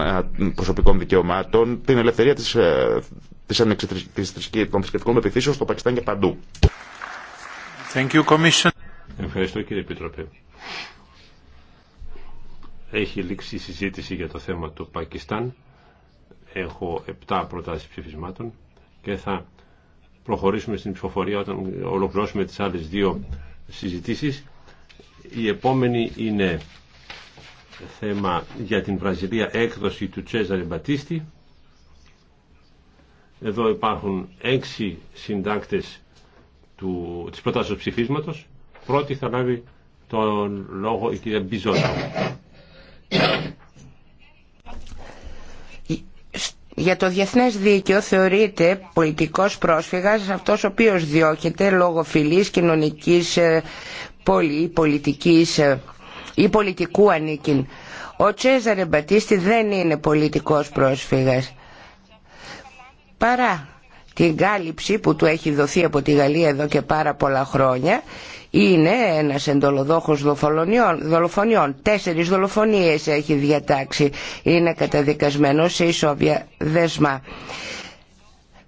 Ε, προσωπικών δικαιωμάτων, την ελευθερία της, ε, της, της, της των θρησκευτικών στο Πακιστάν και παντού. Ευχαριστώ κύριε Επιτροπέ. Έχει λήξει η συζήτηση για το θέμα του Πακιστάν. Έχω 7 προτάσεις ψηφισμάτων και θα προχωρήσουμε στην ψηφοφορία όταν ολοκληρώσουμε τις άλλες δύο συζητήσεις. Η επόμενη είναι θέμα για την Βραζιλία έκδοση του Τσέζαρη Μπατίστη. Εδώ υπάρχουν έξι συντάκτες του, της προτάσεως ψηφίσματος. Πρώτη θα λάβει τον λόγο η κυρία Μπιζόνα. Για το διεθνές δίκαιο θεωρείται πολιτικός πρόσφυγας αυτός ο οποίος διώκεται λόγω φιλής, κοινωνικής, ε, πολιτικής ε, ή πολιτικού ανήκειν. Ο Τσέζαρε Μπατίστη δεν είναι πολιτικός πρόσφυγας. Παρά την κάλυψη που του έχει δοθεί από τη Γαλλία εδώ και πάρα πολλά χρόνια είναι ένας εντολοδόχος δολοφονιών. Τέσσερις δολοφονίες έχει διατάξει. Είναι καταδικασμένος σε ισόβια δεσμά.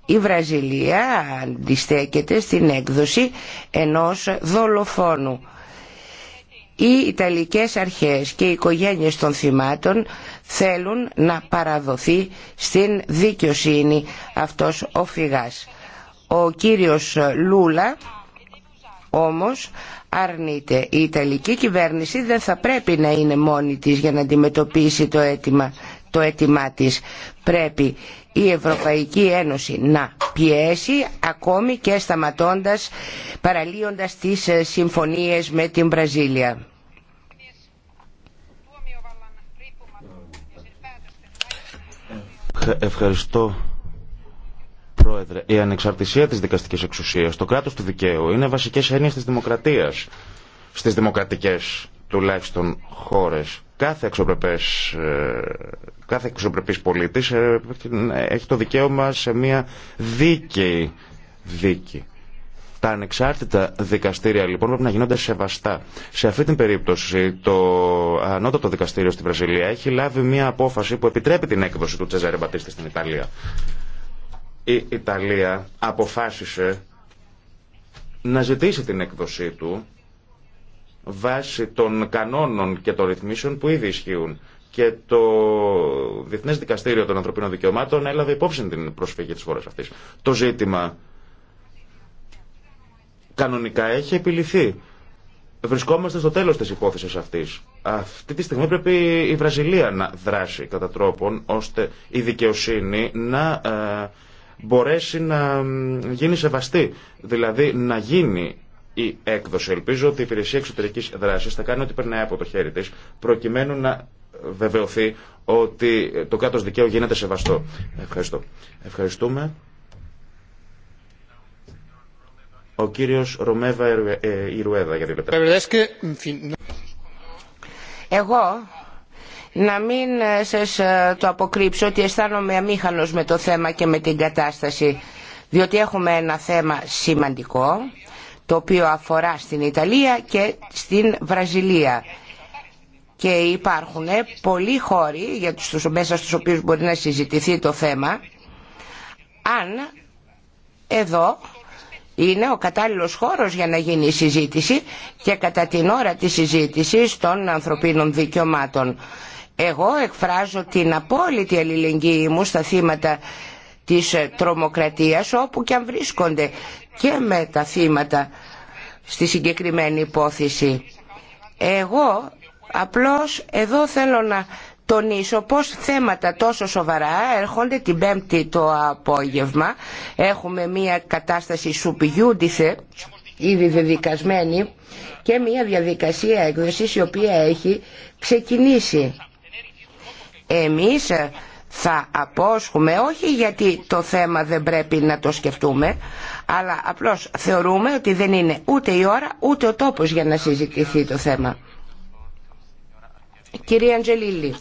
Η Βραζιλία αντιστέκεται στην έκδοση ενός δολοφόνου. Οι Ιταλικές αρχές και οι οικογένειες των θυμάτων θέλουν να παραδοθεί στην δικαιοσύνη αυτός ο φυγάς. Ο κύριος Λούλα όμως αρνείται. Η Ιταλική κυβέρνηση δεν θα πρέπει να είναι μόνη της για να αντιμετωπίσει το αίτημα το αίτημά της. Πρέπει η Ευρωπαϊκή Ένωση να πιέσει ακόμη και σταματώντας, παραλύοντας τις ε, συμφωνίες με την Βραζίλια. Ευχαριστώ. Πρόεδρε, η ανεξαρτησία της δικαστικής εξουσίας, το κράτος του δικαίου, είναι βασικές έννοιες της δημοκρατίας στις δημοκρατικές τουλάχιστον χώρες. Κάθε εξωπρεπές, ε, κάθε πολίτης ε, έχει το δικαίωμα σε μια δίκαιη δίκη. Τα ανεξάρτητα δικαστήρια λοιπόν πρέπει να γίνονται σεβαστά. Σε αυτή την περίπτωση το ανώτατο δικαστήριο στη Βραζιλία έχει λάβει μια απόφαση που επιτρέπει την έκδοση του Τσέζαρε Μπατίστη στην Ιταλία. Η Ιταλία αποφάσισε να ζητήσει την έκδοσή του βάσει των κανόνων και των ρυθμίσεων που ήδη ισχύουν. Και το Διεθνές Δικαστήριο των Ανθρωπίνων Δικαιωμάτων έλαβε υπόψη την προσφυγή της χώρας αυτής. Το ζήτημα κανονικά έχει επιληθεί. Βρισκόμαστε στο τέλος της υπόθεσης αυτής. Αυτή τη στιγμή πρέπει η Βραζιλία να δράσει κατά τρόπον ώστε η δικαιοσύνη να ε, μπορέσει να γίνει σεβαστή. Δηλαδή να γίνει η έκδοση. Ελπίζω ότι η υπηρεσία εξωτερικής δράσης θα κάνει ό,τι περνάει από το χέρι της προκειμένου να βεβαιωθεί ότι το κάτω δικαίου γίνεται σεβαστό. Ευχαριστώ. Ευχαριστούμε. Ο κύριος Ρωμέβα ε, Ιρουέδα για δύο λεπτά. Εγώ να μην ε, σας ε, το αποκρύψω ότι αισθάνομαι αμήχανος με το θέμα και με την κατάσταση διότι έχουμε ένα θέμα σημαντικό το οποίο αφορά στην Ιταλία και στην Βραζιλία και υπάρχουν πολλοί χώροι για τους, μέσα στους οποίους μπορεί να συζητηθεί το θέμα αν εδώ είναι ο κατάλληλος χώρος για να γίνει η συζήτηση και κατά την ώρα της συζήτησης των ανθρωπίνων δικαιωμάτων. Εγώ εκφράζω την απόλυτη αλληλεγγύη μου στα θύματα της τρομοκρατίας όπου και αν βρίσκονται και με τα θύματα στη συγκεκριμένη υπόθεση. Εγώ απλώς εδώ θέλω να τονίσω πως θέματα τόσο σοβαρά έρχονται την πέμπτη το απόγευμα. Έχουμε μια κατάσταση σουπιούντισε, ήδη δεδικασμένη, και μια διαδικασία έκδοσης η οποία έχει ξεκινήσει. Εμείς θα απόσχουμε, όχι γιατί το θέμα δεν πρέπει να το σκεφτούμε, αλλά απλώς θεωρούμε ότι δεν είναι ούτε η ώρα ούτε ο τόπος για να συζητηθεί το θέμα. Κυρία Αντζελίλη.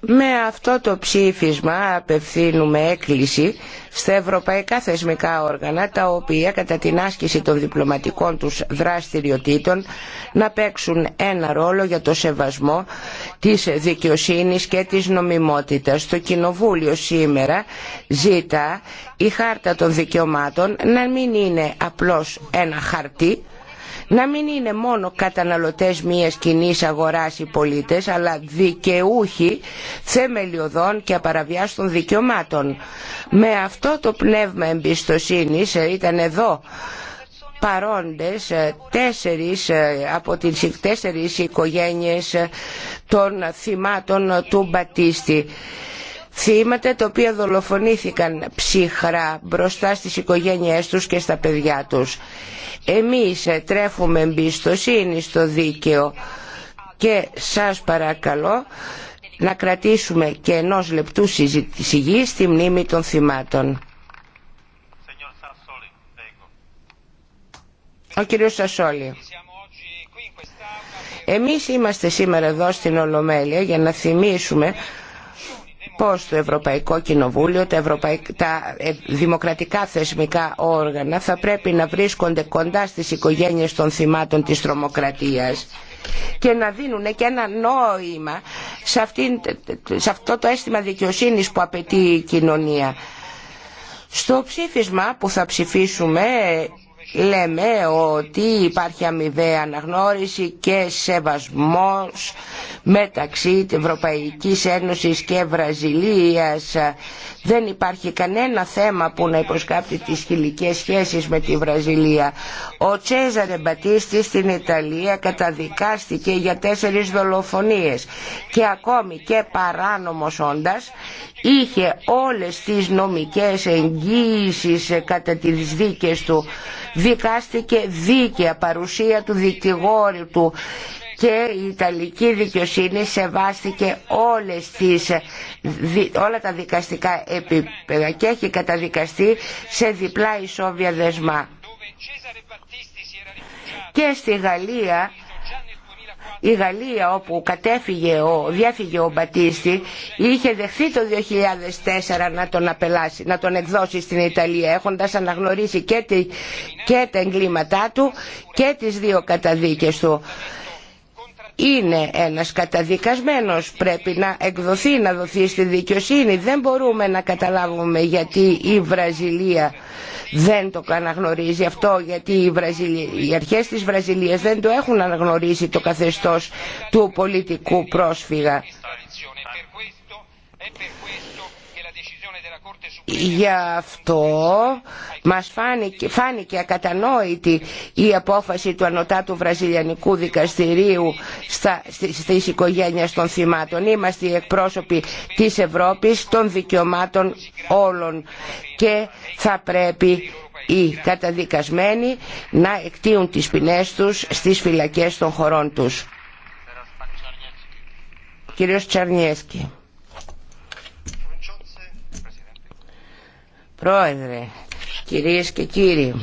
Με αυτό το ψήφισμα απευθύνουμε έκκληση στα ευρωπαϊκά θεσμικά όργανα τα οποία κατά την άσκηση των διπλωματικών τους δραστηριοτήτων να παίξουν ένα ρόλο για το σεβασμό της δικαιοσύνης και της νομιμότητας. Το Κοινοβούλιο σήμερα ζητά η Χάρτα των Δικαιωμάτων να μην είναι απλώς ένα χαρτί να μην είναι μόνο καταναλωτές μιας κοινή αγοράς οι πολίτες αλλά δικαιούχοι θεμελιωδών και απαραβιάστων δικαιωμάτων. Με αυτό το πνεύμα εμπιστοσύνης ε, ήταν εδώ παρόντες ε, τέσσερις ε, από τις τέσσερις οικογένειες των θυμάτων του Μπατίστη θύματα τα οποία δολοφονήθηκαν ψυχρά μπροστά στις οικογένειές τους και στα παιδιά τους. Εμείς ε, τρέφουμε εμπιστοσύνη στο δίκαιο και σας παρακαλώ να κρατήσουμε και ενός λεπτού σιγή στη μνήμη των θυμάτων. Ο κύριος Σασόλη. Εμείς είμαστε σήμερα εδώ στην Ολομέλεια για να θυμίσουμε πώς το Ευρωπαϊκό Κοινοβούλιο, τα, ε, δημοκρατικά θεσμικά όργανα θα πρέπει να βρίσκονται κοντά στις οικογένειες των θυμάτων της τρομοκρατίας και να δίνουν και ένα νόημα σε, σε αυτό το αίσθημα δικαιοσύνης που απαιτεί η κοινωνία. Στο ψήφισμα που θα ψηφίσουμε λέμε ότι υπάρχει αμοιβαία αναγνώριση και σεβασμός μεταξύ της Ευρωπαϊκής Ένωσης και Βραζιλίας. Δεν υπάρχει κανένα θέμα που να υποσκάπτει τις χιλικές σχέσεις με τη Βραζιλία. Ο Τσέζαρε Μπατίστη στην Ιταλία καταδικάστηκε για τέσσερις δολοφονίες και ακόμη και παράνομος όντας είχε όλες τις νομικές εγγύησεις κατά τις δίκες του δικάστηκε δίκαια παρουσία του δικηγόρου του και η Ιταλική δικαιοσύνη σεβάστηκε όλες τις, όλα τα δικαστικά επίπεδα και έχει καταδικαστεί σε διπλά ισόβια δεσμά. Και στη Γαλλία η Γαλλία όπου κατέφυγε ο, διέφυγε ο Μπατίστη είχε δεχθεί το 2004 να τον, απελάσει, να τον εκδώσει στην Ιταλία έχοντας αναγνωρίσει και, τη, και τα εγκλήματά του και τις δύο καταδίκες του είναι ένας καταδικασμένος πρέπει να εκδοθεί να δοθεί στη δικαιοσύνη δεν μπορούμε να καταλάβουμε γιατί η Βραζιλία δεν το αναγνωρίζει αυτό γιατί οι, Βραζιλι... οι αρχές της Βραζιλίας δεν το έχουν αναγνωρίσει το καθεστώς του πολιτικού πρόσφυγα Γι' αυτό μας φάνηκε, φάνηκε ακατανόητη η απόφαση του Ανωτάτου Βραζιλιανικού Δικαστηρίου στα, στις οικογένειες των θυμάτων. Είμαστε οι εκπρόσωποι της Ευρώπης των δικαιωμάτων όλων και θα πρέπει οι καταδικασμένοι να εκτίουν τις ποινές τους στις φυλακές των χωρών τους. Κύριος Τσαρνιέσκη. Πρόεδρε, κυρίες και κύριοι,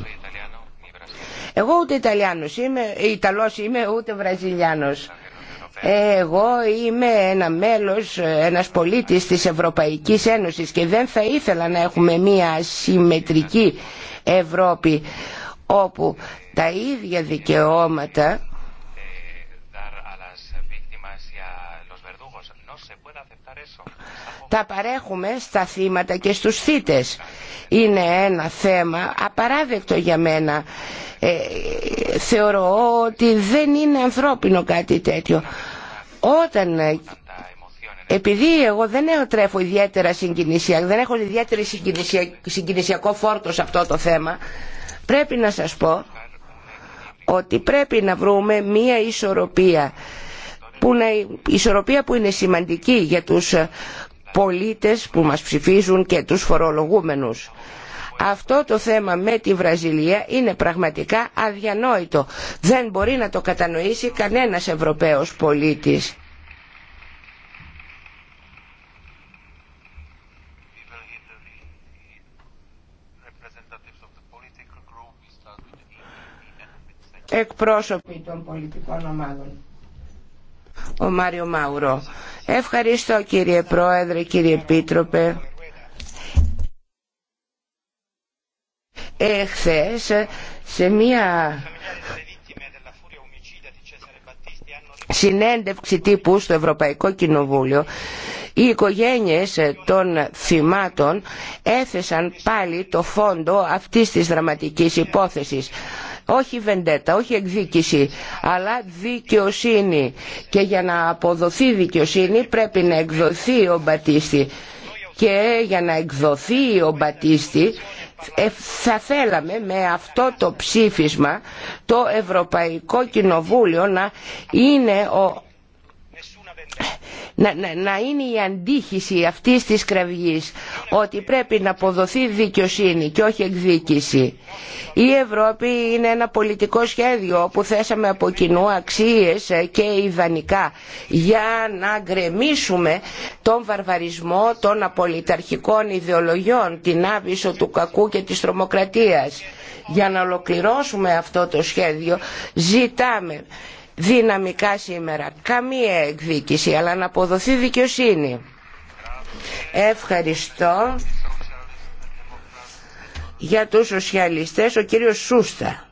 εγώ ούτε Ιταλιάνος είμαι, Ιταλός είμαι, ούτε Βραζιλιάνος. Εγώ είμαι ένα μέλος, ένας πολίτης της Ευρωπαϊκής Ένωσης και δεν θα ήθελα να έχουμε μια συμμετρική Ευρώπη όπου τα ίδια δικαιώματα τα παρέχουμε στα θύματα και στους θύτες. Είναι ένα θέμα απαράδεκτο για μένα. Ε, θεωρώ ότι δεν είναι ανθρώπινο κάτι τέτοιο. Όταν ε, επειδή εγώ δεν τρέφω ιδιαίτερα συγκινησιακό, δεν έχω ιδιαίτερη συγκινησιακό φόρτο σε αυτό το θέμα, πρέπει να σας πω ότι πρέπει να βρούμε μία ισορροπία που, ισορροπία που είναι σημαντική για τους πολίτες που μας ψηφίζουν και τους φορολογούμενους. Αυτό το θέμα με τη Βραζιλία είναι πραγματικά αδιανόητο. Δεν μπορεί να το κατανοήσει κανένας Ευρωπαίος πολίτης. εκπρόσωποι των πολιτικών ομάδων ο Μάριο Μάουρο. Ευχαριστώ κύριε Πρόεδρε, κύριε Επίτροπε. Εχθές σε μία συνέντευξη τύπου στο Ευρωπαϊκό Κοινοβούλιο οι οικογένειες των θυμάτων έθεσαν πάλι το φόντο αυτής της δραματικής υπόθεσης όχι βεντέτα, όχι εκδίκηση, αλλά δικαιοσύνη. Και για να αποδοθεί δικαιοσύνη πρέπει να εκδοθεί ο Μπατίστη. Και για να εκδοθεί ο Μπατίστη ε, θα θέλαμε με αυτό το ψήφισμα το Ευρωπαϊκό Κοινοβούλιο να είναι ο να, είναι η αντίχηση αυτής της κραυγής ότι πρέπει να αποδοθεί δικαιοσύνη και όχι εκδίκηση. Η Ευρώπη είναι ένα πολιτικό σχέδιο όπου θέσαμε από κοινού αξίες ε, και ιδανικά για να γκρεμίσουμε τον βαρβαρισμό των απολυταρχικών ιδεολογιών, την άβυσο του κακού και της τρομοκρατίας. Για να ολοκληρώσουμε αυτό το σχέδιο ζητάμε δυναμικά σήμερα. Καμία εκδίκηση, αλλά να αποδοθεί δικαιοσύνη. Ευχαριστώ για τους σοσιαλιστές ο κύριος Σούστα.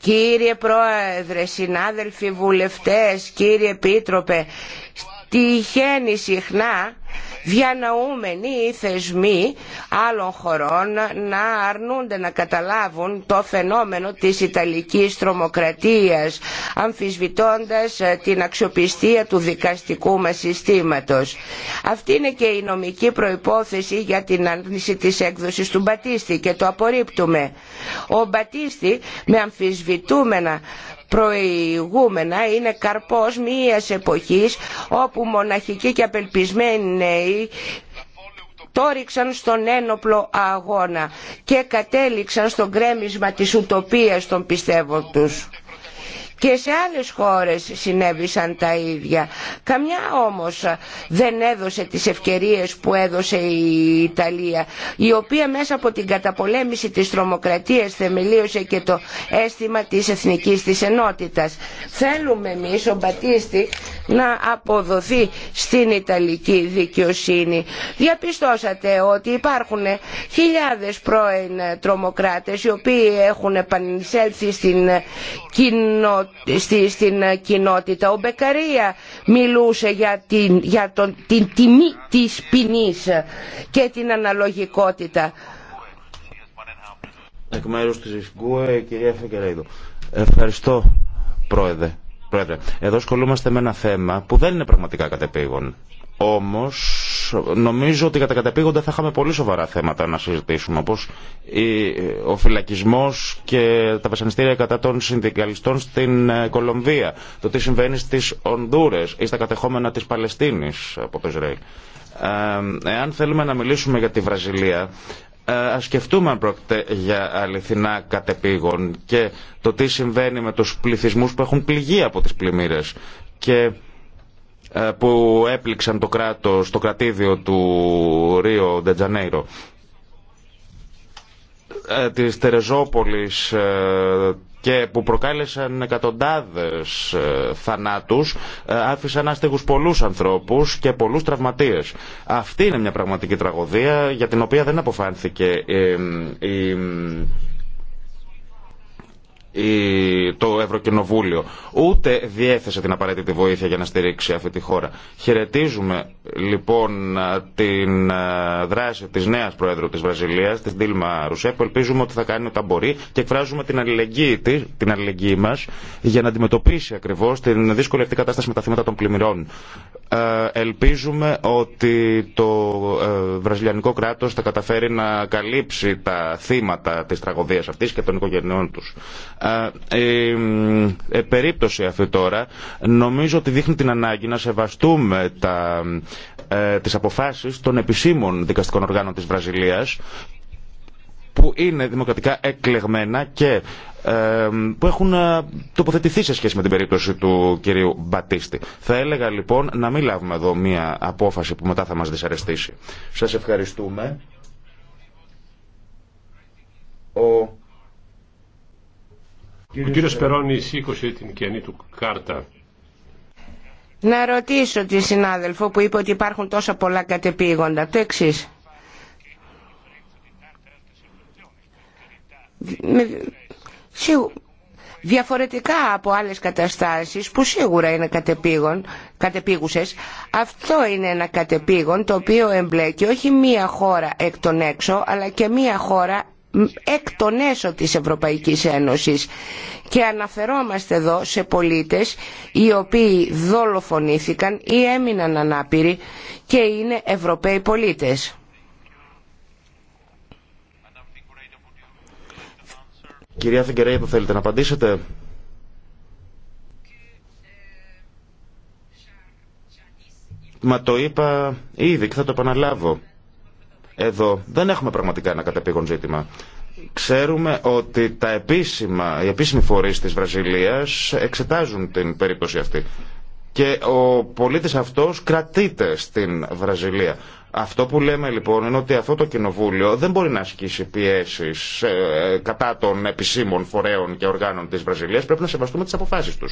Κύριε Πρόεδρε, συνάδελφοι βουλευτές, κύριε Επίτροπε, τυχαίνει συχνά διανοούμενοι οι θεσμοί άλλων χωρών να αρνούνται να καταλάβουν το φαινόμενο της Ιταλικής τρομοκρατίας αμφισβητώντας ε, την αξιοπιστία του δικαστικού μας συστήματος. Αυτή είναι και η νομική προϋπόθεση για την άρνηση της έκδοσης του Μπατίστη και το απορρίπτουμε. Ο Μπατίστη με αμφισβητούμενα προηγούμενα είναι καρπός μιας εποχής όπου μοναχικοί και απελπισμένοι νέοι τόριξαν στον ένοπλο αγώνα και κατέληξαν στο γκρέμισμα της ουτοπίας των πιστεύων τους. Και σε άλλες χώρες συνέβησαν τα ίδια. Καμιά όμως δεν έδωσε τις ευκαιρίες που έδωσε η Ιταλία, η οποία μέσα από την καταπολέμηση της τρομοκρατίας θεμελίωσε και το αίσθημα της εθνικής της ενότητας. Θέλουμε εμείς ο Μπατίστη να αποδοθεί στην Ιταλική δικαιοσύνη. Διαπιστώσατε ότι υπάρχουν χιλιάδες πρώην τρομοκράτες οι οποίοι έχουν επανεισέλθει στην κοινότητα στην ε, κοινότητα. Ο Μπεκαρία μιλούσε για την, για τον, την τιμή της ποινή και την αναλογικότητα. Εκ της κυρία Ευχαριστώ, Πρόεδρε. Πρόεδρε. Εδώ ασχολούμαστε με ένα θέμα που δεν είναι πραγματικά κατεπήγον. Όμως Νομίζω ότι κατά κατεπήγοντα θα είχαμε πολύ σοβαρά θέματα να συζητήσουμε, όπω ο φυλακισμό και τα βασανιστήρια κατά των συνδικαλιστών στην ε, Κολομβία, το τι συμβαίνει στι Ονδούρες ή στα κατεχόμενα τη Παλαιστίνη από το Ισραήλ. Ε, εάν θέλουμε να μιλήσουμε για τη Βραζιλία, ε, Α σκεφτούμε αν πρόκειται για αληθινά κατεπήγον και το τι συμβαίνει με τους πληθυσμούς που έχουν πληγεί από τις πλημμύρες. Και ε, που έπληξαν το κράτος, το κρατήδιο του Ρίο Ντετζανέιρο ε, της Τερεζόπολης ε, και που προκάλεσαν εκατοντάδες θανάτους άφησαν άστεγους πολλούς ανθρώπους και πολλούς τραυματίες. Αυτή είναι μια πραγματική τραγωδία για την οποία δεν αποφάνθηκε η το Ευρωκοινοβούλιο, ούτε διέθεσε την απαραίτητη βοήθεια για να στηρίξει αυτή τη χώρα. Χαιρετίζουμε λοιπόν την ε, δράση της νέας Πρόεδρου της Βραζιλίας, της Ντίλμα Ρουσέ, που ελπίζουμε ότι θα κάνει ό,τι μπορεί και εκφράζουμε την αλληλεγγύη, της, την αλληλεγγύη μας για να αντιμετωπίσει ακριβώς την δύσκολη αυτή κατάσταση με τα θύματα των πλημμυρών. Ε, ελπίζουμε ότι το ε, βραζιλιανικό κράτος θα καταφέρει να καλύψει τα θύματα της τραγωδίας αυτή και των οικογενειών τους η ε, ε, περίπτωση αυτή τώρα νομίζω ότι δείχνει την ανάγκη να σεβαστούμε τα, ε, τις αποφάσεις των επισήμων δικαστικών οργάνων της Βραζιλίας που είναι δημοκρατικά εκλεγμένα και που έχουν τοποθετηθεί σε σχέση με την περίπτωση του κυρίου Μπατίστη. Θα έλεγα λοιπόν να μην λάβουμε εδώ μία απόφαση που μετά θα μας δυσαρεστήσει. Σας ευχαριστούμε. Ο ο κύριο Περόνη σήκωσε την κενή του κάρτα. Να ρωτήσω τη συνάδελφο που είπε ότι υπάρχουν τόσα πολλά κατεπήγοντα. Το εξή. Διαφορετικά από άλλες καταστάσεις που σίγουρα είναι κατεπήγον, κατεπήγουσες, αυτό είναι ένα κατεπήγον το οποίο εμπλέκει όχι μία χώρα εκ των έξω αλλά και μία χώρα εκ των έσω της Ευρωπαϊκής Ένωσης και αναφερόμαστε εδώ σε πολίτες οι οποίοι δολοφονήθηκαν ή έμειναν ανάπηροι και είναι Ευρωπαίοι πολίτες. Κυρία Φιγκερέη, που θέλετε να απαντήσετε. Μα το είπα ήδη και θα το επαναλάβω. Εδώ δεν έχουμε πραγματικά ένα κατεπήγον ζήτημα. Ξέρουμε ότι τα επίσημα, οι επίσημοι φορείς της Βραζιλίας εξετάζουν την περίπτωση αυτή. Και ο πολίτης αυτός κρατείται στην Βραζιλία. Αυτό που λέμε λοιπόν είναι ότι αυτό το κοινοβούλιο δεν μπορεί να ασκήσει πιέσει ε, κατά των επισήμων φορέων και οργάνων τη Βραζιλία. Πρέπει να σεβαστούμε τι αποφάσει του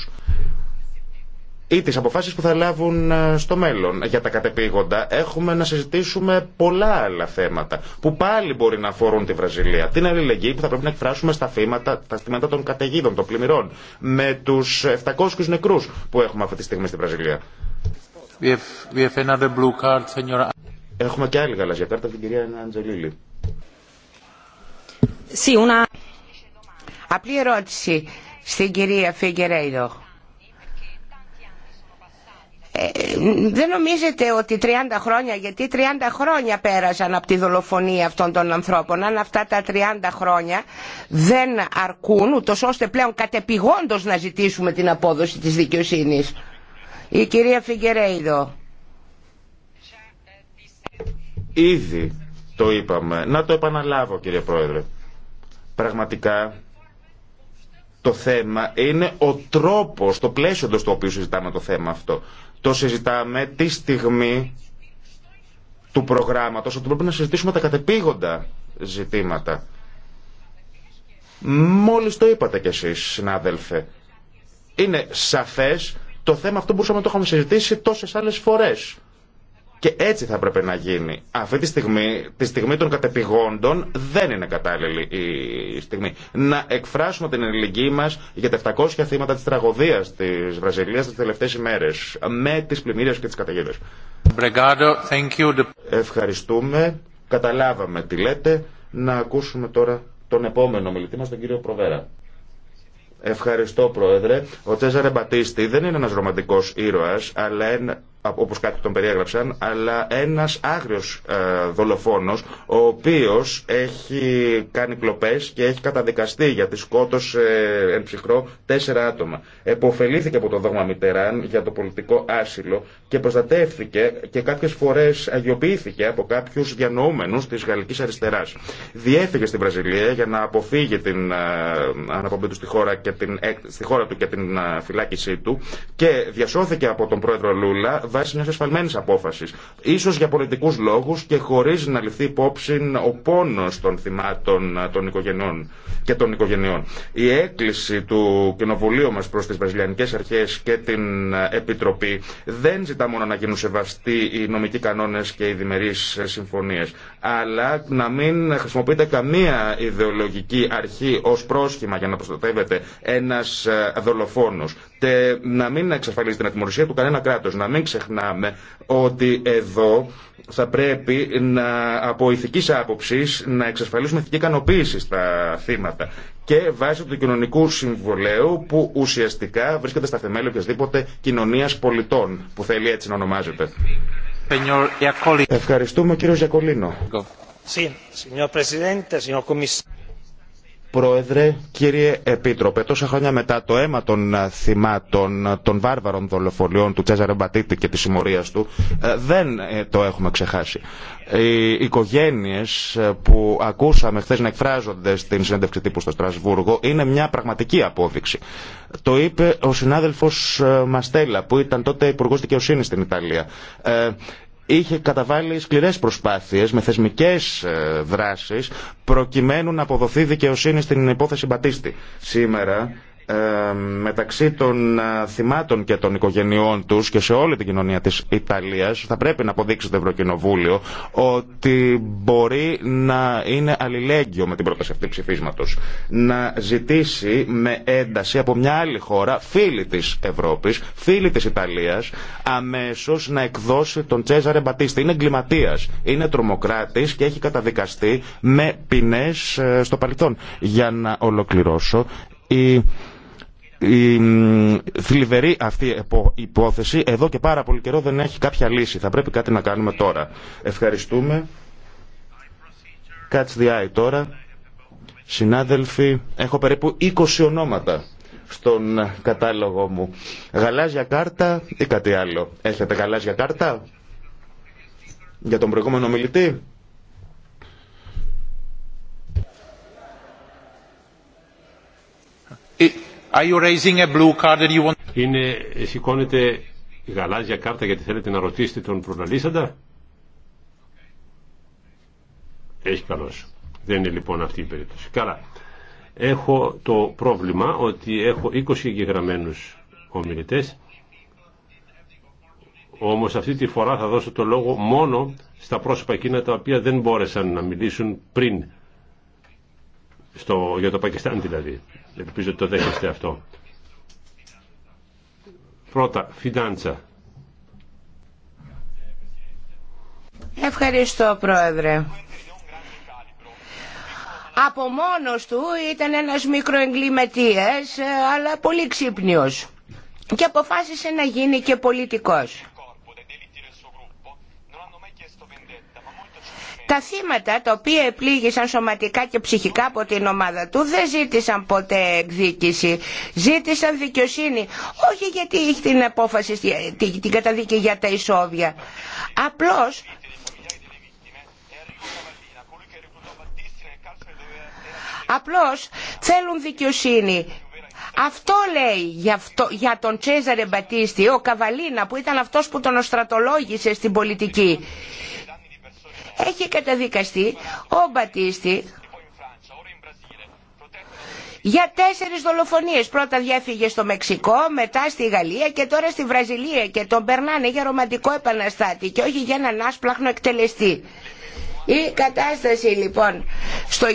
ή τις αποφάσεις που θα λάβουν ε, στο μέλλον για τα κατεπήγοντα έχουμε να συζητήσουμε πολλά άλλα θέματα που πάλι μπορεί να αφορούν τη Βραζιλία. Την αλληλεγγύη που θα πρέπει να εκφράσουμε στα θύματα, τα θύματα των καταιγίδων, των πλημμυρών με τους 700 νεκρούς που έχουμε αυτή τη στιγμή στη Βραζιλία. We have, we have blue card, Έχουμε και άλλη γαλαζιά κάρτα από την κυρία Αντζελίλη. Απλή ερώτηση στην κυρία Φιγκερέιδο ε, δεν νομίζετε ότι 30 χρόνια, γιατί 30 χρόνια πέρασαν από τη δολοφονία αυτών των ανθρώπων, αν αυτά τα 30 χρόνια δεν αρκούν, ούτως ώστε πλέον κατεπηγόντως να ζητήσουμε την απόδοση της δικαιοσύνης. Η κυρία Φιγκερέιδο. Ήδη το είπαμε. Να το επαναλάβω κύριε Πρόεδρε. Πραγματικά το θέμα είναι ο τρόπος, το πλαίσιο εντός του οποίου συζητάμε το θέμα αυτό. Το συζητάμε τη στιγμή του προγράμματος ότι πρέπει να συζητήσουμε τα κατεπήγοντα ζητήματα. Μόλις το είπατε κι εσείς, συνάδελφε. Είναι σαφές το θέμα αυτό μπορούσαμε να το είχαμε συζητήσει τόσες άλλες φορές. Και έτσι θα έπρεπε να γίνει. Αυτή τη στιγμή, τη στιγμή των κατεπηγόντων, δεν είναι κατάλληλη η στιγμή. Να εκφράσουμε την ελληνική μα για τα 700 θύματα τη τραγωδία τη Βραζιλία τι τελευταίε ημέρε, με τι πλημμύρε και τι καταιγίδε. Ευχαριστούμε. Καταλάβαμε τι λέτε. Να ακούσουμε τώρα τον επόμενο μιλητή μα, τον κύριο Προβέρα. Ευχαριστώ, Πρόεδρε. Ο Τσέζαρε Μπατίστη δεν είναι ένα ρομαντικό ήρωα, αλλά ένα όπως κάτι τον περιέγραψαν, αλλά ένας άγριος ε, δολοφόνος, ο οποίος έχει κάνει κλοπές και έχει καταδικαστεί γιατί σκότωσε ε, εν ψυχρό τέσσερα άτομα. Εποφελήθηκε από το δόγμα Μιτεράν για το πολιτικό άσυλο και προστατεύθηκε και κάποιες φορές αγιοποιήθηκε από κάποιους διανοούμενους της γαλλικής αριστεράς. Διέφυγε στη Βραζιλία για να αποφύγει την ε, αναπομπή του στη χώρα, και την, στη χώρα του και την ε, φυλάκισή του και διασώθηκε από τον πρόεδρο Λούλα βάσει μια ασφαλμένη απόφαση. Ίσως για πολιτικού λόγου και χωρί να ληφθεί υπόψη ο πόνο των θυμάτων των οικογενειών και των οικογενειών. Η έκκληση του Κοινοβουλίου μα προ τι Βραζιλιανικέ Αρχέ και την Επιτροπή δεν ζητά μόνο να γίνουν σεβαστοί οι νομικοί κανόνε και οι διμερεί ε, συμφωνίε, αλλά να μην χρησιμοποιείται καμία ιδεολογική αρχή ω πρόσχημα για να προστατεύεται ένα δολοφόνο και να μην εξασφαλίζει την ατιμορρυσία του κανένα κράτο. Να μην ξεχνάμε ότι εδώ θα πρέπει να, από ηθικής άποψης να εξασφαλίσουμε ηθική ικανοποίηση στα θύματα και βάσει του κοινωνικού συμβολέου που ουσιαστικά βρίσκεται στα θεμέλια οποιασδήποτε κοινωνίας πολιτών που θέλει έτσι να ονομάζεται. Ευχαριστούμε κύριο Γιακολίνο. Πρόεδρε, κύριε Επίτροπε, τόσα χρόνια μετά το αίμα των ε, θυμάτων ε, των βάρβαρων δολοφολιών του Τσέζαρε Μπατίτη και της συμμορίας του ε, δεν το έχουμε ξεχάσει. Οι οικογένειες που ακούσαμε χθε να εκφράζονται στην συνέντευξη τύπου στο Στρασβούργο είναι μια πραγματική απόδειξη. Το είπε ο συνάδελφος Μαστέλα που ήταν τότε υπουργό δικαιοσύνη στην Ιταλία είχε καταβάλει σκληρές προσπάθειες με θεσμικές ε, δράσεις προκειμένου να αποδοθεί δικαιοσύνη στην υπόθεση Μπατίστη. Σήμερα ε, μεταξύ των ε, θυμάτων και των οικογενειών τους και σε όλη την κοινωνία της Ιταλίας θα πρέπει να αποδείξει το Ευρωκοινοβούλιο ότι μπορεί να είναι αλληλέγγυο με την πρόταση αυτή ψηφίσματος να ζητήσει με ένταση από μια άλλη χώρα φίλη της Ευρώπης, φίλη της Ιταλίας αμέσως να εκδώσει τον Τσέζαρε Μπατίστη. Είναι εγκληματίας, είναι τρομοκράτης και έχει καταδικαστεί με ποινές ε, στο παρελθόν. Για να ολοκληρώσω η θλιβερή αυτή υπόθεση εδώ και πάρα πολύ καιρό δεν έχει κάποια λύση. Θα πρέπει κάτι να κάνουμε τώρα. Ευχαριστούμε. Catch the eye τώρα. Συνάδελφοι, έχω περίπου 20 ονόματα στον κατάλογο μου. Γαλάζια κάρτα ή κάτι άλλο. Έχετε γαλάζια κάρτα για τον προηγούμενο μιλητή. Ή... Ε, είναι, σηκώνετε γαλάζια κάρτα γιατί θέλετε να ρωτήσετε τον προλαλήσαντα. Έχει καλώς. Δεν είναι λοιπόν αυτή η περίπτωση. Καλά. Έχω το πρόβλημα ότι έχω 20 εγγεγραμμένους ομιλητές όμως αυτή τη φορά θα δώσω το λόγο μόνο στα πρόσωπα εκείνα τα οποία δεν μπόρεσαν να μιλήσουν πριν στο, για το Πακιστάν δηλαδή. Ελπίζω ότι το δέχεστε αυτό. Πρώτα, Φιντάντσα. Ευχαριστώ, Πρόεδρε. Από μόνος του ήταν ένας μικροεγκληματίας, ε, αλλά πολύ ξύπνιος. Και αποφάσισε να γίνει και πολιτικός. τα θύματα τα οποία επλήγησαν σωματικά και ψυχικά από την ομάδα του δεν ζήτησαν ποτέ εκδίκηση. Ζήτησαν δικαιοσύνη. Όχι γιατί είχε την απόφαση, την καταδίκη για τα ισόβια. Απλώς Απλώς θέλουν δικαιοσύνη. Αυτό λέει για, για τον Τσέζαρε Μπατίστη, ο Καβαλίνα που ήταν αυτός που τον οστρατολόγησε στην πολιτική έχει καταδικαστεί ο Μπατίστη για τέσσερις δολοφονίες. Πρώτα διέφυγε στο Μεξικό, μετά στη Γαλλία και τώρα στη Βραζιλία και τον περνάνε για ρομαντικό επαναστάτη και όχι για έναν άσπλαχνο εκτελεστή. Η κατάσταση λοιπόν στο,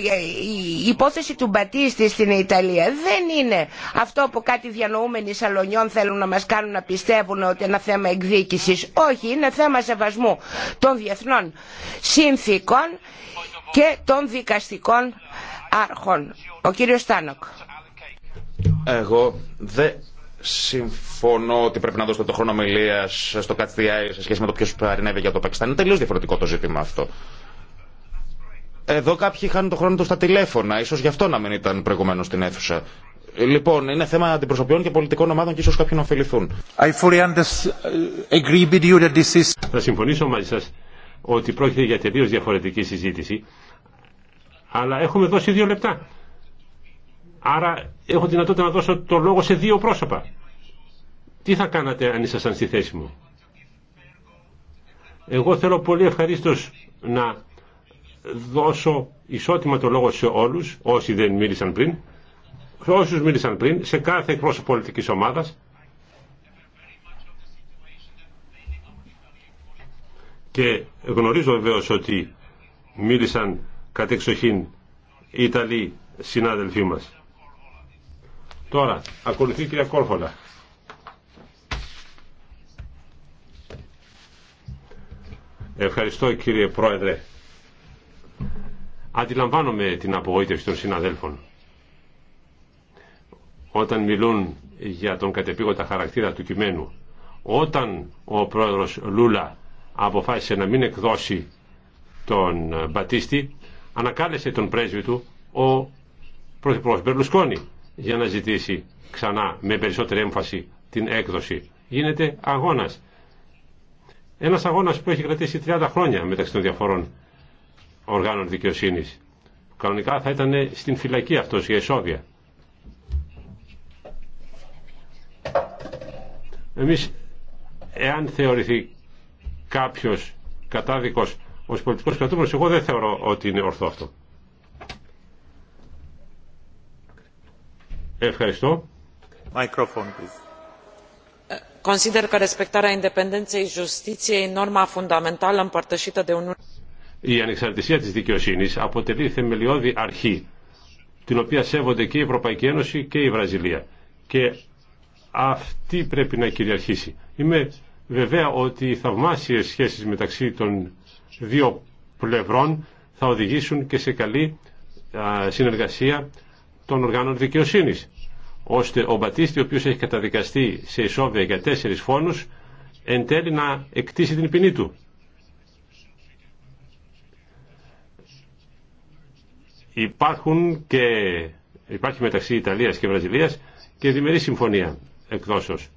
η υπόθεση του Μπατίστη στην Ιταλία δεν είναι αυτό που κάτι διανοούμενοι σαλονιών θέλουν να μας κάνουν να πιστεύουν ότι είναι ένα θέμα εκδίκησης. Όχι, είναι θέμα σεβασμού των διεθνών συνθήκων και των δικαστικών άρχων. Ο κύριος Στάνοκ. Εγώ δεν συμφωνώ ότι πρέπει να δώσετε το χρόνο ομιλία στο ΚΑΤΣΤΙΑΙ σε σχέση με το ποιο παρενέβη για το Πακιστάν. Είναι τελείω διαφορετικό το ζήτημα αυτό. Εδώ κάποιοι χάνουν το χρόνο του στα τηλέφωνα, ίσω γι' αυτό να μην ήταν προηγουμένω στην αίθουσα. Λοιπόν, είναι θέμα αντιπροσωπιών και πολιτικών ομάδων και ίσω κάποιοι να ωφεληθούν. Θα συμφωνήσω μαζί σα ότι πρόκειται για τελείω διαφορετική συζήτηση, αλλά έχουμε δώσει δύο λεπτά. Άρα έχω δυνατότητα να δώσω το λόγο σε δύο πρόσωπα. Τι θα κάνατε αν ήσασταν στη θέση μου. Εγώ θέλω πολύ ευχαρίστω να δώσω ισότιμα το λόγο σε όλους όσοι δεν μίλησαν πριν σε όσους μίλησαν πριν σε κάθε εκπρόσωπο πολιτική ομάδα. και γνωρίζω βεβαίω ότι μίλησαν κατ' εξοχήν οι Ιταλοί συνάδελφοί μας τώρα ακολουθεί η κυρία Κόρφολα. Ευχαριστώ κύριε Πρόεδρε Αντιλαμβάνομαι την απογοήτευση των συναδέλφων όταν μιλούν για τον κατεπήγοντα χαρακτήρα του κειμένου. Όταν ο πρόεδρος Λούλα αποφάσισε να μην εκδώσει τον Μπατίστη, ανακάλεσε τον πρέσβη του ο πρωθυπουργός Μπερλουσκόνη για να ζητήσει ξανά με περισσότερη έμφαση την έκδοση. Γίνεται αγώνας. Ένας αγώνας που έχει κρατήσει 30 χρόνια μεταξύ των διαφορών οργάνων δικαιοσύνης. Κανονικά θα ήταν στην φυλακή αυτός για εσόβια. Εμείς, εάν θεωρηθεί κάποιος κατάδικος ως πολιτικός κρατούμενος, εγώ δεν θεωρώ ότι είναι ορθό αυτό. Ευχαριστώ. Μικρόφωνο, please. Consider că respectarea independenței justiției e norma fundamentală împărtășită de Uniunea η ανεξαρτησία της δικαιοσύνης αποτελεί θεμελιώδη αρχή, την οποία σέβονται και η Ευρωπαϊκή Ένωση και η Βραζιλία. Και αυτή πρέπει να κυριαρχήσει. Είμαι βεβαία ότι οι θαυμάσιες σχέσεις μεταξύ των δύο πλευρών θα οδηγήσουν και σε καλή συνεργασία των οργάνων δικαιοσύνης ώστε ο Μπατίστη, ο οποίος έχει καταδικαστεί σε ισόβια για τέσσερις φόνους, εν τέλει να εκτίσει την ποινή του. Υπάρχουν και, υπάρχει μεταξύ Ιταλίας και Βραζιλίας και διμερή συμφωνία εκδόσεως.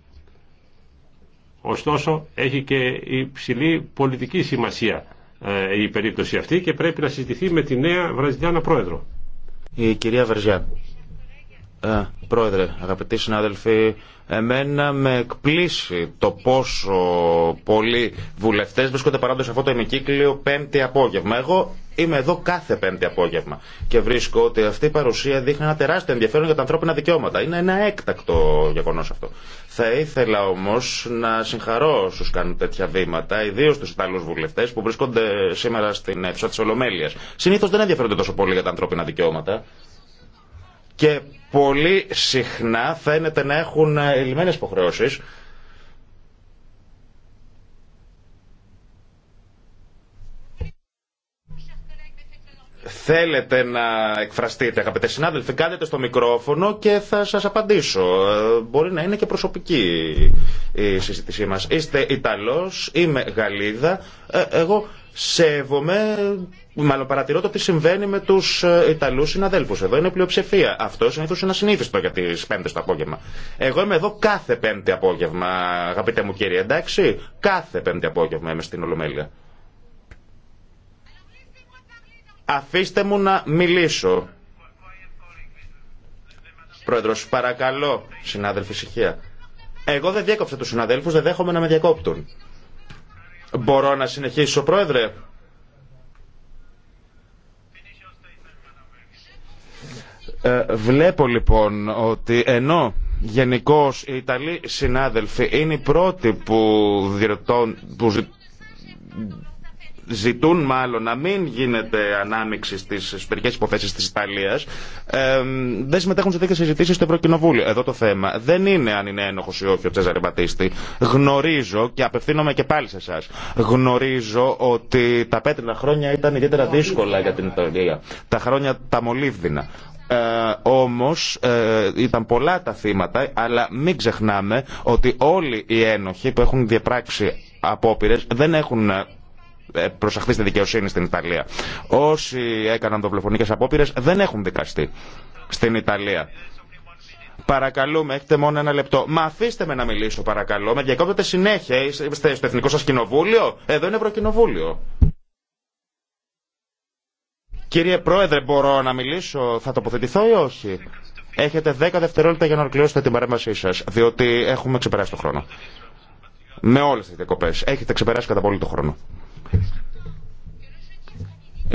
Ωστόσο, έχει και υψηλή πολιτική σημασία ε, η περίπτωση αυτή και πρέπει να συζητηθεί με τη νέα Βραζιλιάνα Πρόεδρο. Η κυρία Βερζιάν. Ε, πρόεδρε, αγαπητοί συνάδελφοι, εμένα με εκπλήσει το πόσο πολλοί βουλευτέ βρίσκονται παράντως σε αυτό το ημικύκλιο πέμπτη απόγευμα. Εγώ είμαι εδώ κάθε πέμπτη απόγευμα και βρίσκω ότι αυτή η παρουσία δείχνει ένα τεράστιο ενδιαφέρον για τα ανθρώπινα δικαιώματα. Είναι ένα έκτακτο γεγονό αυτό. Θα ήθελα όμω να συγχαρώ όσου κάνουν τέτοια βήματα, ιδίω του Ιταλού βουλευτέ που βρίσκονται σήμερα στην αίθουσα τη Ολομέλεια. Συνήθω δεν ενδιαφέρονται τόσο πολύ για τα ανθρώπινα δικαιώματα και πολύ συχνά φαίνεται να έχουν ελλημένες υποχρεώσεις Θέλετε να εκφραστείτε, αγαπητέ συνάδελφοι, κάνετε στο μικρόφωνο και θα σας απαντήσω. Ε, μπορεί να είναι και προσωπική η συζήτησή μα. Είστε Ιταλό είμαι Γαλλίδα. Ε, εγώ σέβομαι, μάλλον παρατηρώ το τι συμβαίνει με του ε, Ιταλού συναδέλφου. Εδώ είναι πλειοψηφία. Αυτό συνήθω είναι ασυνήθιστο για τι Πέμπτε το απόγευμα. Εγώ είμαι εδώ κάθε Πέμπτη απόγευμα, αγαπητέ μου κύριε, εντάξει. Κάθε Πέμπτη απόγευμα είμαι στην Ολομέλεια. Αφήστε μου να μιλήσω. Πρόεδρος, παρακαλώ, συνάδελφοι, ησυχία. Εγώ δεν διέκοψα του συναδέλφου, δεν δέχομαι να με διακόπτουν. Μπορώ να συνεχίσω, Πρόεδρε. Ε, βλέπω λοιπόν ότι ενώ γενικώ οι Ιταλοί συνάδελφοι είναι οι πρώτοι που, διερωτών, που ζητούν μάλλον να μην γίνεται ανάμειξη στι εσωτερικέ υποθέσει τη Ιταλία, ε, δεν συμμετέχουν σε τέτοιε συζητήσει στο Ευρωκοινοβούλιο. Εδώ το θέμα δεν είναι αν είναι ένοχο ή όχι ο Τσέζαρη Μπατίστη. Γνωρίζω και απευθύνομαι και πάλι σε εσά. Γνωρίζω ότι τα πέτρινα χρόνια ήταν ιδιαίτερα δύσκολα για την Ιταλία. Τα χρόνια τα μολύβδινα. Ε, όμως ε, ήταν πολλά τα θύματα, αλλά μην ξεχνάμε ότι όλοι οι ένοχοι που έχουν διαπράξει απόπειρε δεν έχουν ε, προσαχθεί στη δικαιοσύνη στην Ιταλία. Όσοι έκαναν δολοφονικέ απόπειρε δεν έχουν δικαστεί στην Ιταλία. Παρακαλούμε, έχετε μόνο ένα λεπτό. Μα αφήστε με να μιλήσω, παρακαλώ. Με διακόπτετε συνέχεια. Είστε στο εθνικό σα κοινοβούλιο. Εδώ είναι Ευρωκοινοβούλιο. Κύριε Πρόεδρε, μπορώ να μιλήσω, θα τοποθετηθώ ή όχι. Έχετε 10 δευτερόλεπτα για να ολοκληρώσετε την παρέμβασή σα, διότι έχουμε ξεπεράσει τον χρόνο. Με όλε τι διακοπέ. Έχετε ξεπεράσει κατά πολύ τον χρόνο.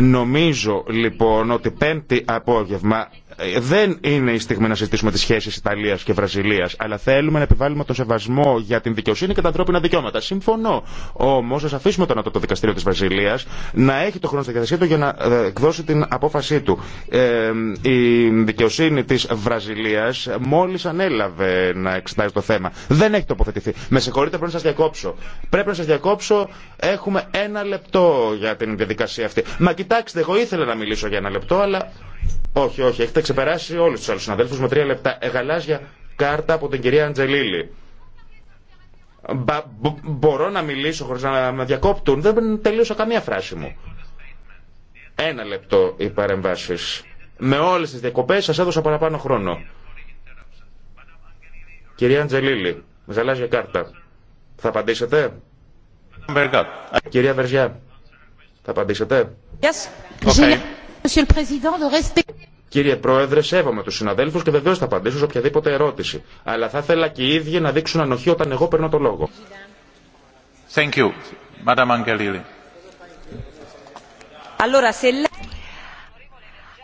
Νομίζω λοιπόν ότι πέμπτη απόγευμα ε, δεν είναι η στιγμή να συζητήσουμε τι σχέσει Ιταλία και Βραζιλία, αλλά θέλουμε να επιβάλλουμε τον σεβασμό για την δικαιοσύνη και τα ανθρώπινα δικαιώματα. Συμφωνώ. Όμω, α αφήσουμε τον, το δικαστήριο τη Βραζιλία να έχει το χρόνο στη διαθεσία του για να ε, εκδώσει την απόφασή του. Ε, η δικαιοσύνη τη Βραζιλία μόλι ανέλαβε να εξετάζει το θέμα. Δεν έχει τοποθετηθεί. Με συγχωρείτε, πρέπει να σα διακόψω. Πρέπει να σα διακόψω. Έχουμε ένα λεπτό για την διαδικασία αυτή. Μα κοιτάξτε, εγώ ήθελα να μιλήσω για ένα λεπτό, αλλά όχι, όχι, έχετε ξεπεράσει όλου του άλλου συναδέλφου με τρία λεπτά. Εγαλάζια κάρτα από την κυρία Αντζελίλη. μπορώ να μιλήσω χωρίς να με διακόπτουν. Δεν τελείωσα καμία φράση μου. Ένα λεπτό οι παρεμβάσει. Με όλε τι διακοπέ σα έδωσα παραπάνω χρόνο. Κυρία Αντζελίλη, γαλάζια κάρτα. Θα απαντήσετε. Κυρία Βερζιά, θα απαντήσετε. Yes. Okay. Κύριε Πρόεδρε, σέβομαι του συναδέλφου και βεβαίω θα απαντήσω σε οποιαδήποτε ερώτηση. Αλλά θα ήθελα και οι ίδιοι να δείξουν ανοχή όταν εγώ παίρνω το λόγο.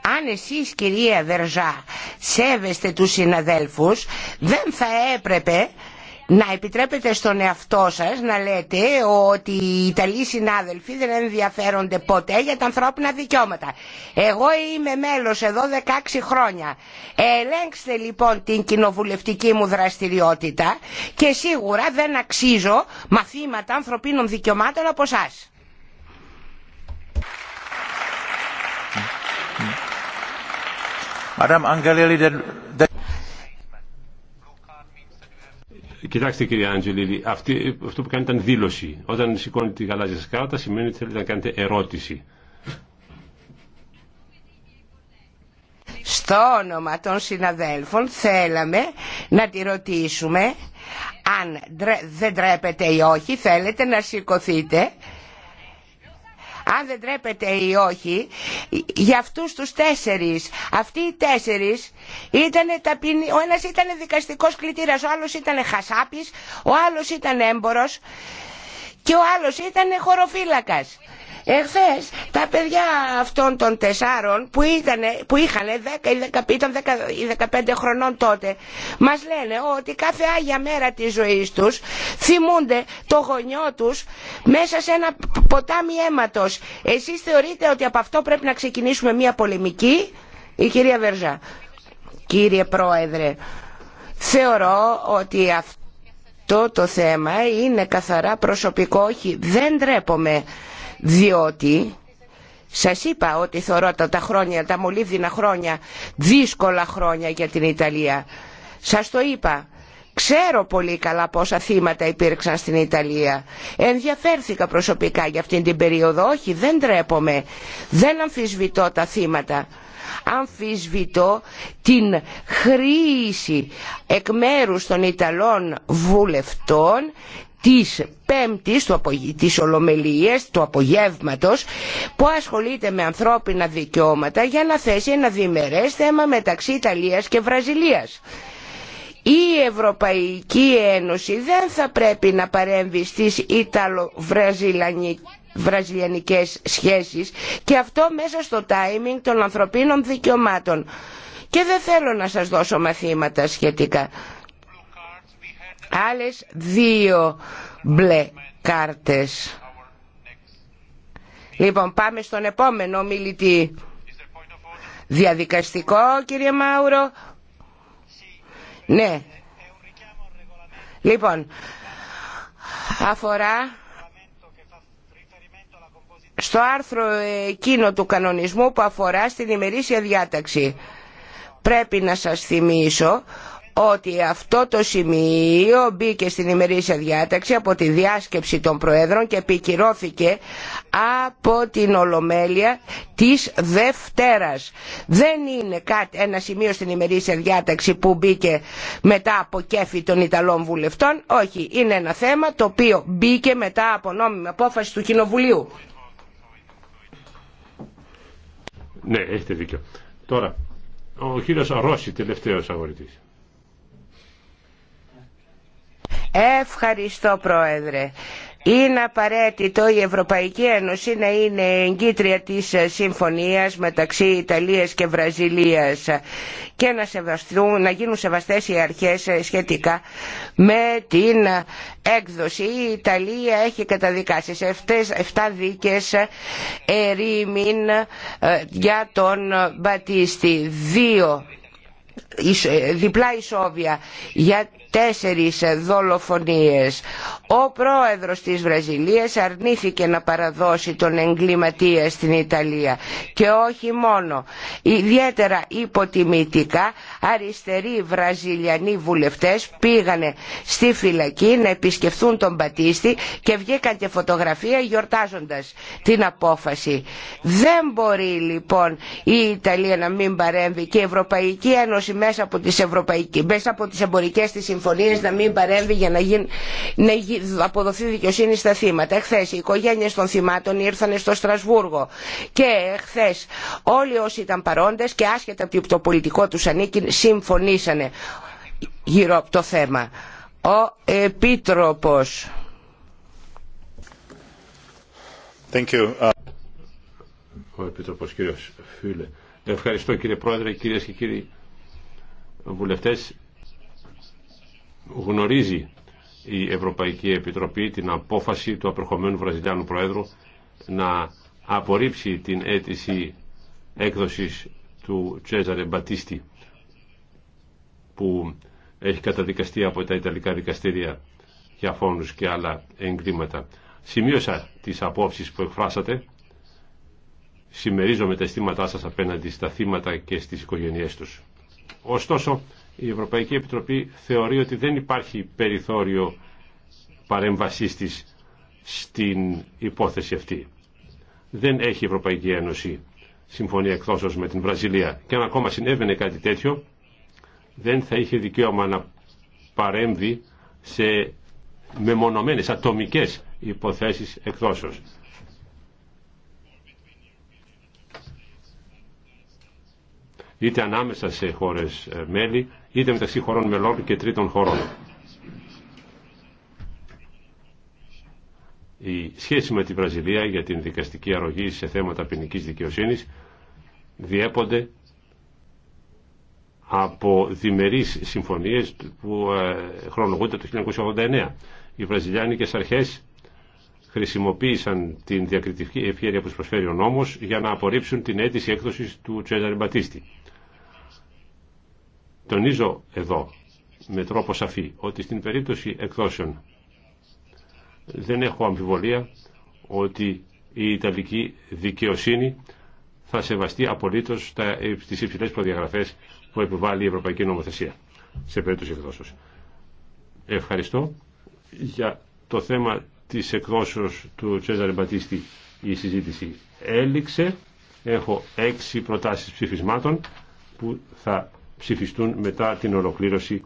Αν εσεί, κυρία Βερζά σέβεστε τους συναδέλφους δεν θα έπρεπε να επιτρέπετε στον εαυτό σας να λέτε ότι οι Ιταλοί συνάδελφοι δεν ενδιαφέρονται ποτέ για τα ανθρώπινα δικαιώματα. Εγώ είμαι μέλος εδώ 16 χρόνια. Ελέγξτε λοιπόν την κοινοβουλευτική μου δραστηριότητα και σίγουρα δεν αξίζω μαθήματα ανθρωπίνων δικαιωμάτων από εσά. Madame Κοιτάξτε κύριε Άντζελη, αυτό που κάνετε ήταν δήλωση. Όταν σηκώνετε τη γαλάζια σας κάρτα σημαίνει ότι θέλετε να κάνετε ερώτηση. Στο όνομα των συναδέλφων θέλαμε να τη ρωτήσουμε αν δεν τρέπετε ή όχι θέλετε να σηκωθείτε αν δεν τρέπεται ή όχι, για αυτούς τους τέσσερις. Αυτοί οι τέσσερις ήταν ο ένας ήταν δικαστικός κλητήρας, ο άλλος ήταν χασάπης, ο άλλος ήταν έμπορος και ο άλλος ήταν χωροφύλακας. Εχθέ τα παιδιά αυτών των τεσσάρων που, ήταν, που είχαν 10, 15 χρονών τότε μας λένε ότι κάθε άγια μέρα της ζωή τους θυμούνται το γονιό τους μέσα σε ένα ποτάμι αίματο. Εσεί θεωρείτε ότι από αυτό πρέπει να ξεκινήσουμε μια πολεμική. Η κυρία Βερζά. Κύριε Πρόεδρε, θεωρώ ότι αυτό το θέμα είναι καθαρά προσωπικό, όχι δεν ντρέπομαι διότι σας είπα ότι θεωρώ τα, χρόνια, τα μολύβδινα χρόνια, δύσκολα χρόνια για την Ιταλία. Σας το είπα. Ξέρω πολύ καλά πόσα θύματα υπήρξαν στην Ιταλία. Ενδιαφέρθηκα προσωπικά για αυτήν την περίοδο. Όχι, δεν τρέπομαι. Δεν αμφισβητώ τα θύματα. Αμφισβητώ την χρήση εκ μέρους των Ιταλών βουλευτών της Πέμπτης της Ολομελίας του απογεύματος που ασχολείται με ανθρώπινα δικαιώματα για να θέσει ένα διμερές θέμα μεταξύ Ιταλίας και Βραζιλίας. Η Ευρωπαϊκή Ένωση δεν θα πρέπει να παρέμβει στις Ιταλο-Βραζιλιανικές σχέσεις και αυτό μέσα στο timing των ανθρωπίνων δικαιωμάτων. Και δεν θέλω να σας δώσω μαθήματα σχετικά. Άλλες δύο μπλε κάρτες. Λοιπόν, πάμε στον επόμενο μιλητή. Διαδικαστικό, κύριε Μάουρο. Ναι. Λοιπόν, αφορά στο άρθρο εκείνο του κανονισμού που αφορά στην ημερήσια διάταξη. Πρέπει να σας θυμίσω ότι αυτό το σημείο μπήκε στην ημερήσια διάταξη από τη διάσκεψη των Προέδρων και επικυρώθηκε από την Ολομέλεια της Δευτέρας. Δεν είναι κάτι, ένα σημείο στην ημερήσια διάταξη που μπήκε μετά από κέφι των Ιταλών βουλευτών. Όχι, είναι ένα θέμα το οποίο μπήκε μετά από νόμιμη απόφαση του Κοινοβουλίου. Ναι, έχετε δίκιο. Τώρα, ο κύριος Ρώση, τελευταίος αγορητής. Ευχαριστώ Πρόεδρε. Είναι απαραίτητο η Ευρωπαϊκή Ένωση να είναι εγκύτρια της συμφωνίας μεταξύ Ιταλίας και Βραζιλίας και να, να γίνουν σεβαστές οι αρχές σχετικά με την έκδοση. Η Ιταλία έχει καταδικάσει σε 7 δίκες ερήμην ε, για τον Μπατίστη. Δύο ε, διπλά ισόβια για τέσσερις δολοφονίες. Ο πρόεδρος της Βραζιλίας αρνήθηκε να παραδώσει τον εγκληματία στην Ιταλία και όχι μόνο. Ιδιαίτερα υποτιμητικά αριστεροί βραζιλιανοί βουλευτές πήγανε στη φυλακή να επισκεφθούν τον Πατίστη και βγήκαν και φωτογραφία γιορτάζοντας την απόφαση. Δεν μπορεί λοιπόν η Ιταλία να μην παρέμβει και η Ευρωπαϊκή Ένωση μέσα από τις, μέσα από τις εμπορικές της συμφωνίες να μην παρέμβει για να, γίνει, να αποδοθεί δικαιοσύνη στα θύματα. Εχθέ, οι οικογένειε των θυμάτων ήρθαν στο Στρασβούργο και εχθέ όλοι όσοι ήταν παρόντε και άσχετα από το πολιτικό του ανήκει συμφωνήσανε γύρω από το θέμα. Ο επίτροπο. Uh, Ο Επίτροπος Φίλε. Ευχαριστώ κύριε Πρόεδρε, κυρίε και κύριοι βουλευτέ γνωρίζει η Ευρωπαϊκή Επιτροπή την απόφαση του απερχομένου Βραζιλιάνου Προέδρου να απορρίψει την αίτηση έκδοσης του Τσέζαρε Μπατίστη που έχει καταδικαστεί από τα Ιταλικά δικαστήρια για φόνους και άλλα εγκλήματα. Σημείωσα τις απόψεις που εκφράσατε. Συμμερίζομαι τα αισθήματά σας απέναντι στα θύματα και στις οικογένειές τους. Ωστόσο, η Ευρωπαϊκή Επιτροπή θεωρεί ότι δεν υπάρχει περιθώριο παρέμβασής της στην υπόθεση αυτή. Δεν έχει η Ευρωπαϊκή Ένωση συμφωνία εκδόσεως με την Βραζιλία και αν ακόμα συνέβαινε κάτι τέτοιο δεν θα είχε δικαίωμα να παρέμβει σε μεμονωμένες ατομικές υποθέσεις εκδόσεως. είτε ανάμεσα σε χώρες ε, μέλη, είτε μεταξύ χωρών μελών και τρίτων χωρών. Η σχέση με τη Βραζιλία για την δικαστική αρρωγή σε θέματα ποινική δικαιοσύνης διέπονται από διμερείς συμφωνίες που ε, χρονολογούνται το 1989. Οι βραζιλιάνικες αρχές χρησιμοποίησαν την διακριτική ευχαίρεια που προσφέρει ο νόμος για να απορρίψουν την αίτηση έκδοσης του Τσέζαρη Μπατίστη. Τονίζω εδώ με τρόπο σαφή ότι στην περίπτωση εκδόσεων δεν έχω αμφιβολία ότι η Ιταλική δικαιοσύνη θα σεβαστεί απολύτως τις υψηλές προδιαγραφές που επιβάλλει η Ευρωπαϊκή Νομοθεσία σε περίπτωση εκδόσεως. Ευχαριστώ για το θέμα της εκδόσεως του Τσέζαρε Μπατίστη η συζήτηση έληξε. Έχω έξι προτάσεις ψηφισμάτων που θα ψηφιστούν μετά την ολοκλήρωση